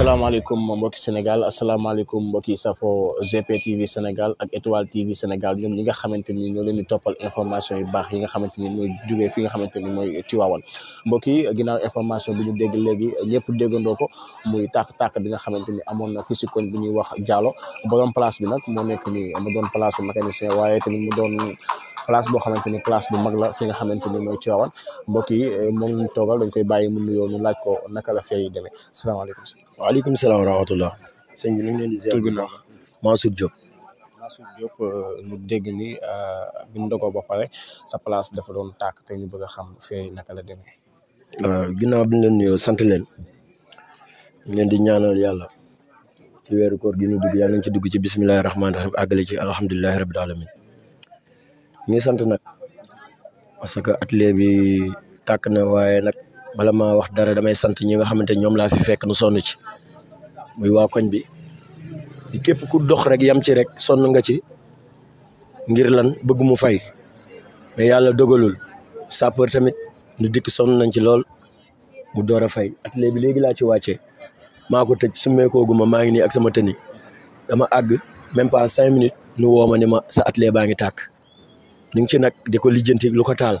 asalaamaaleykum mbokki Sénégal asalaamaaleykum mbokki safo GP TV Sénégal ak Étoile TV Sénégal ñoom ñi nga xamante ni ñoo leen di toppal information yu baax yi nga xamante ni mooy jógee fi nga xamante ni mooy Tiwaawan mbokk yi ginnaaw information bi ñu dégg léegi ñëpp déggandoo ko muy tàkk-tàkk bi nga xamante ni amoon na fi si koñ bi ñuy wax Diallo borom place bi nag moo nekk ni mu doon place mécanicien waaye tamit mu doon place boo xamante ni place bu mag la fi nga xamante ni mooy Tivaouane mbokk eh, moom lañ toogal dañ koy bàyyi mu nuyoo ñu laaj ko naka la fee demee salaamaaleykum. waaleykum salaam wa rahmatulah. sëñ bi ñu ngi leen di ziar tur bi naax Mansour Diop. Mansour Diop eh, ñu ni eh, bi ñu dogoo ba pare sa place dafa doon tàkk te ñu bëgg a xam fee naka la demee. Ah, ginnaaw bi ñu leen nuyoo sant leen. ñu leen di ñaanal yàlla. ci weeru koor gi ñu dugg yàlla nañ ci dugg ci bisimilah rahmaani rahiim àggale ci alhamdulilah rabil alamin ñu sant nag parce que atelier bi tàkk na waaye nag bala ma wax dara damay sant ñi nga xamante ñoom laa fi fekk nu sonn ci muy waa koñ bi képp ku dox rek yam ci rek sonn nga ci ngir lan bëgg mu fay mais yàlla dogalul sapeur tamit ñu dikk sonn nañ ci lool mu door a fay atelier bi léegi laa ci wàccee maa ko tëj summeekooguma maa ngi nii ak sama tëni dama àgg même pas cinq minutes nu woo ma ni ma sa atelier baa ngi tàkk ñu ngi ci nag di ko lijjanti lu taal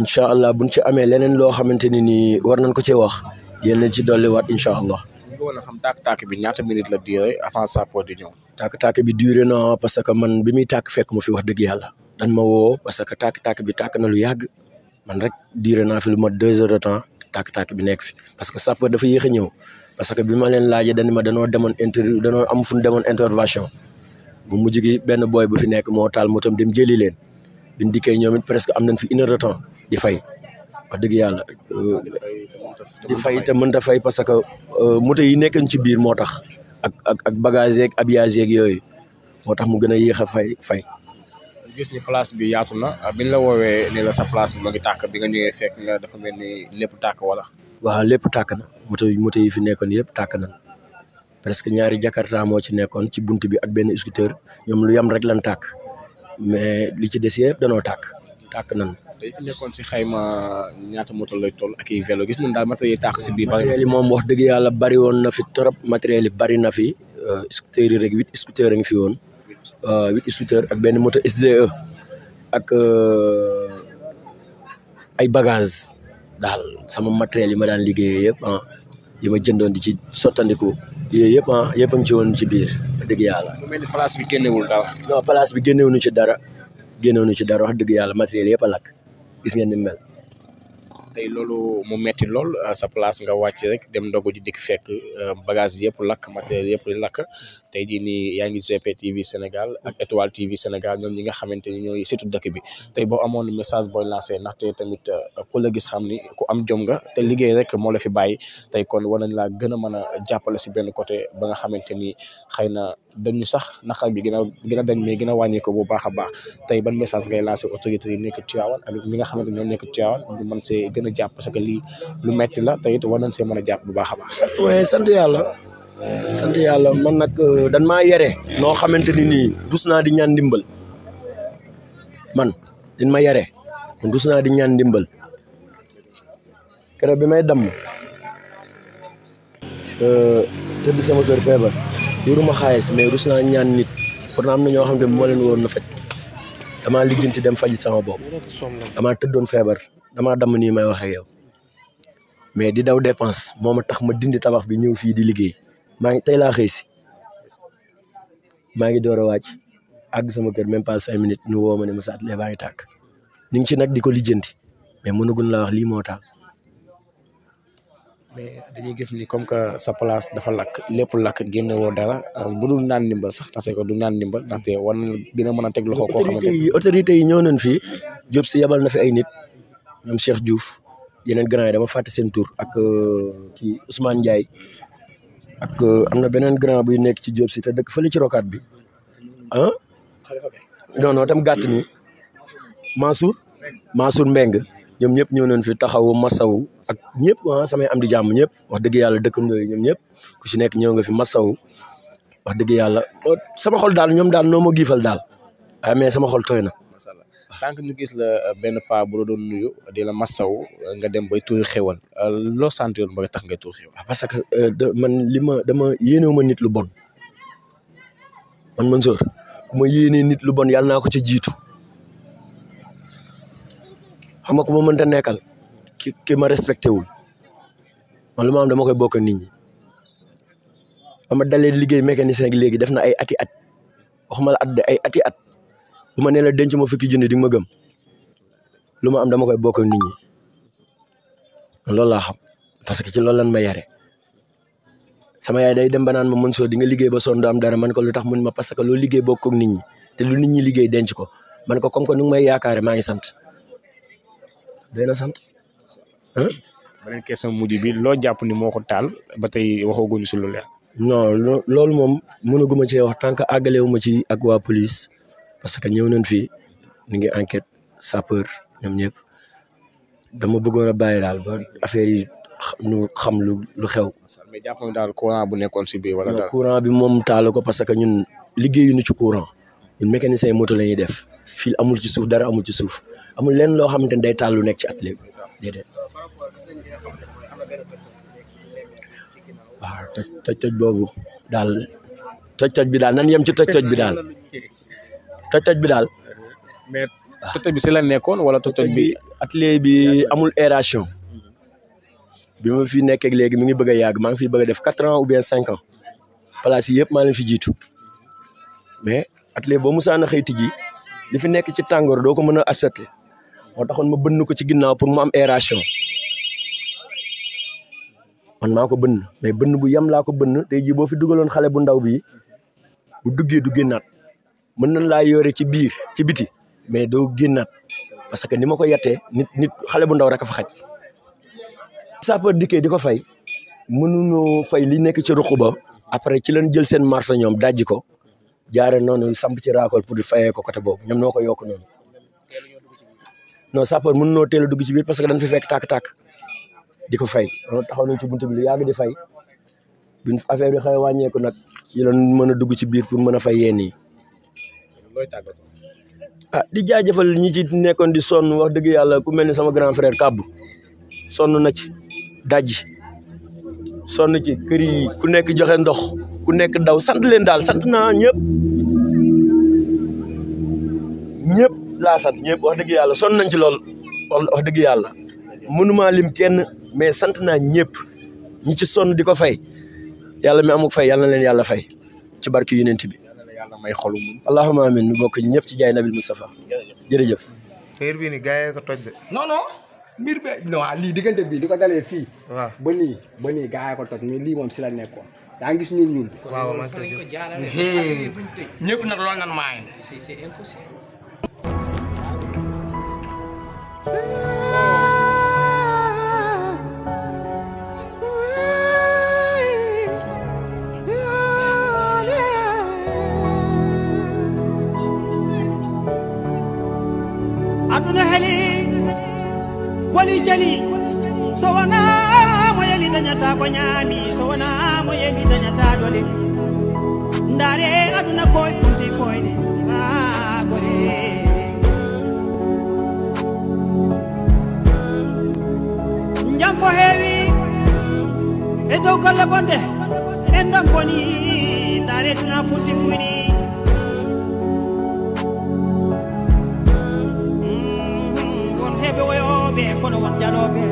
incha allah buñ ci amee leneen loo xamante ni nii war nañ ko cee wax yéen lañ ci dolliwaat incha allah. ñu ngi xam tàkk bi ñaata minit la duré avant sappo di ñoo tàkk-tàkk bi duré na parce que man bi muy tàkk fekk ma fi wax dëgg yàlla. dañ ma woo parce que tàkk-tàkk bi tàkk na lu yàgg man rek duré na fi lu mot deux heures de temps tàkk-tàkk bi nekk fi parce que sappo dafa yéex a ñëw parce que bi ma leen laajee dañ ma danoo demoon inter danoo am fu demoon intervention. mu mujj gi benn booy bu fi nekk moo taal motam dem jëli leen biñ dikkee ñoom it presque am nañ fi une heure di fay wax dëgg yàlla euh, di fay te mënta fay parce que euh, moto yi nekkan ci biir moo tax ak ak ak bagage yeeg yeeg yooyu moo tax mu gën a yéex a fay fay gis ni palace bi yaatu na ah, biñ la woowee ne la sa place bi ma ngi tàkk bi nga ñëwee fekk nga dafa mel ni lépp tàkk wala waaw lépp tàkk na yi moto yi fi nekkoon yëpp tàkk na parce que ñaari jakarta moo ci nekkoon ci bunt bi ak benn scooter ñoom lu yam rek lan tàkk mais li ci des yëpp danoo tàkk tàkk nan tey nekkoon si xayma ñaata moto lay tol ak i vélo gis nañ daal matériel yi tàkk si biir. matériel yi moom wax dëgg yàlla bari woon na fi trop matériel yi bari na fi. Euh, scooters yi rek huit scooters a ngi fi woon euh, huit ak benn moto SDE ak euh, ay bagages daal sama matériel yi ma daan liggéeyee yëpp ah. yi ma jëndoon di ci sottandiku yooyu yëpp ah yëpp a ngi ci woon ci biir dëgg yàlla. bu mel ni place bi génnewul dara. non place bi génnewuñu ci dara génnewuñu ci dara wax dëgg yàlla matériel yëpp a lakk gis ngeen ni mel. tey loolu mu metti lool sa place nga wàcc rek dem ndogu ji dikk fekk euh, bagage yëpp lakk matériel yëpp di tey jii nii yaa ngi GP TV Sénégal ak Étoile TV Sénégal ñoom ñi nga xamante ni ñooy surtout dëkk bi tey boo amoon message booy lancé ndaxte tamit euh, ku la gis xam ni ku am jom nga te liggéey rek moo la fi bàyyi tey kon war nañ laa gën a mën a jàppale si benn côté ba nga xamante ni xëy na dañu sax naqar bi gën a gën a dañ mais gën a wàññi ko bu baax a baax tey ban message ngay lancé autorité yi nekk Tivaouane ak ñi nga xamante ni ñoom nekk mën a jàpp parce que lii lu metti la te it war nañ see mën a jàpp bu baax a baax. waaye sant yàlla sant yàlla man nag euh, dan maa yare noo xamante ni nii dus naa di ñaan ndimbal man din ma yare dus naa di ñaan ndimbal keroog bi may damm euh, tëdd sama kër feebar yoruma xaalis mais rus naa ñaan nit pourtant am ñoo xam ne moo leen woon na faj damaa faji sama bopp damaa tëddoon feebar damaa damm nii may waxee yow mais di daw dépense moo ma tax ma dindi tabax bi ñëw fii di liggéey maa ngi tey laa xëy si maa ngi door a wàcc àgg sama kër même pas cinq minutes ñu woo ma ne ma saat lee baa ngi tàkk ñu ngi ci nag di ko lijjanti mais mënagun laa wax lii moo taal. mais dañuy gis ni comme que sa place dafa lakk lépp lakk génne woo dara bu dul naan ndimbal sax parce que du naan ndimbal ndaxte war na gën a mën a teg loxo koo xamante autorité yi ñëw nañ fii si yabal na fi ay nit ñoom Cheikh Diouf yeneen grand yi dama fàtte seen tur ak euh, kii Ousmane Ndiaye ak euh, am na beneen grand buy nekk ci Diop si te dëkk fële ci rokaat bi ah non non tam gàtt ni Mansour Mansour ñoom ñëpp ñëw nañ fi taxawu masawu ak ñëpp ah samay am di jàmm ñëpp wax dëgg yàlla dëkk yi ñoom ñëpp ku ci nekk ñëw nga fi masawu wax dëgg yàlla oh, sama xol daal ñoom daal noo ma giifal daal waaye ah, mais sama xol tooy na sànq ñu gis la euh, benn paa bu la doon nuyu di la euh, nga dem bay tuur xewal euh, loo sant yoon ba nga tax nga tuur xewal. Ah, parce que man li ma dama yéenewu ma nit lu bon man man sër ku nit lu bon yàlla naa ko ca jiitu xam nga ku ma mënta nekkal ki ki ma respecté wul man ma am dama koy bokk nit ñi. ba ma dalee liggéey mécanicien léegi def na ay ati at waxuma la at ay ati at. bu ma nee la denc ma fukki junni di ma gëm lu ma am dama koy bokk nit ñi loolu laa xam parce que ci loolu lan ma yare sama yaay day dem ba naan ma mën soo di nga liggéey ba sonn am dara man ko lu tax mun ma parce que loo liggéey bokk ak nit ñi te lu nit ñi liggéey denc ko man ko comme que nu ngi may yaakaare ngi sant doy na sant ah. beneen question mujj bi loo jàpp ni moo ko taal ba tey waxaguñu si lu leer. non loolu moom mënaguma cee wax tant que àggalewu ma ci ak waa police parce que ñëw nañ fii ñu ngi enquête sapeur ñoom ñëpp dama bëggoon a bàyyi daal ba affaire yi ñu xam lu lu xew. mais jàpp nga daal bu nekkoon si biir wala daal courant bi moom taalu ko parce que ñun liggéeyuñu ci courant ñun mécanicien moto la ñuy def fii amul ci suuf dara amul ci suuf amul lenn loo xamante ni day taal lu nekk ci atelier bi déedéet. waaw boobu daal toj toj bi daal nan yem ci toj toj bi daal. toj-toj bi daal. mais toj bi si la nekkoon wala toj-toj bi. atelier bi amul aération. bi ma fi nekkee léegi mi ngi bëgg a yàgg maa ngi fi bëgg a def quatre ans ou bien cinq yëpp maa leen fi jiitu mais atelier boo musaan a xëy tijji li fi nekk ci tàngoor doo ko mën a accepté moo taxoon ma bënn ko ci ginnaaw pour mu am aération man maa ko bënn mais bënn bu yem laa ko bënn tey jii boo fi dugaloon xale bu ndaw bi bu duggee du génnaat mën nañ laa yore ci biir ci biti mais doo génnaat parce que ni ma ko yattee nit nit xale bu ndaw rek a fa xaj sapeur di ko fay mënuñoo fay li nekk ci ruq ba après ci lañ jël seen marto ñoom dajji ko jaare noonu samp ci raakol pour di fayee ko côté boobu ñoom noo ko yokk noonu non sapeur mënuñoo teel a dugg ci biir parce que dañ fi fekk tàkk-tàkk di ko fay loolu taxaw nañ ci buntu bi lu yàgg di fay buñ affaire bi xëy wàññeeku nag ci mën a dugg ci biir pour mën a fay yenn yi looy tàggatoo. ah di jaajëfal ñi ci nekkoon di sonn wax dëgg yàlla ku mel ni sama grand frère Kàbbu sonn na ci dajji sonn ci kër yi ku nekk joxe ndox ku nekk daw sant leen daal sant naa ñëpp ñëpp laa sant ñëpp wax dëgg yàlla sonn nañ ci lool wax dëgg yàlla mënumaa lim kenn mais sant naa ñëpp ñi ci sonn di ko fay yàlla mi amuk fay yàlla na leen yàlla fay ci barki Yonent bi yàlla may xolu muñ amin ñu bokk ñu ñëpp ci jaay nabil Moustapha jërëjëf xeer bii ni gars yi ko toj de non non mbir be non lii diggante bii li ko dalee fii waaw ba nii ba nii gars yi ko si la nekkoon yaa ngi gis ñun ñun waaw man ko jaarale hmm. ñëpp nag loolu nan maayen ابن هلي ولي جلي سوانا مويلي funti foyde ha gore heewi e dow golle bonde en dam boni ndaretuna futti fuyni be kono wan jalo be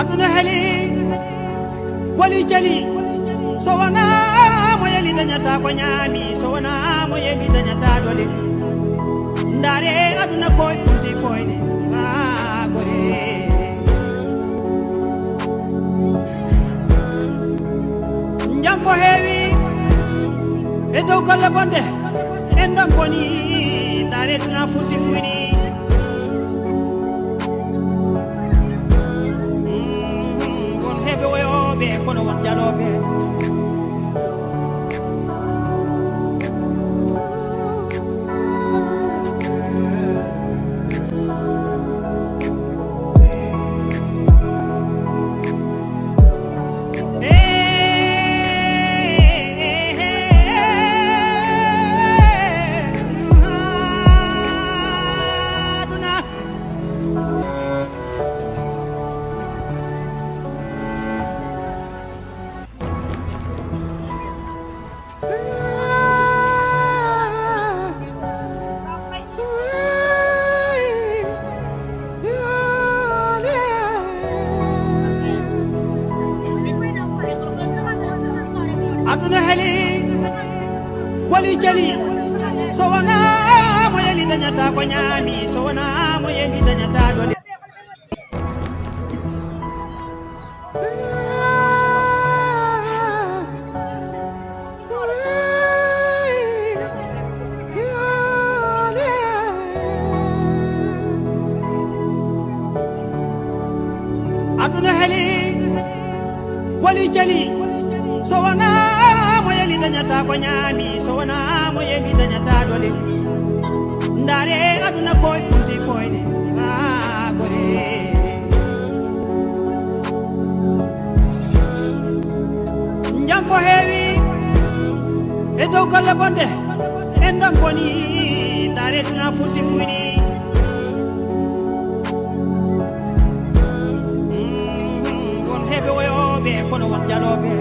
aduna heli woli jali so wonamo yeli dañata ko ñaami so wonamo yeli dañata dole ndaare aduna ko fuuti foyde ha gore jam fo heewi e dow golle bonde en dam boni ndaare duna fuuti fuyni kono won jalooɓe nahali wali jali so wona ko ñaami so wona mo yeli dañata dole aduna hali wali jali dañata ko ñaami so wona mo yendi dañata dole ndaare aduna ko funti foyde ha gore jam ko heewi e dow golle bonde en dam boni ndaare tuna funti fuyni won heɓe woyoɓe kono won jaloɓe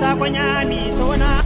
ta ko ñaani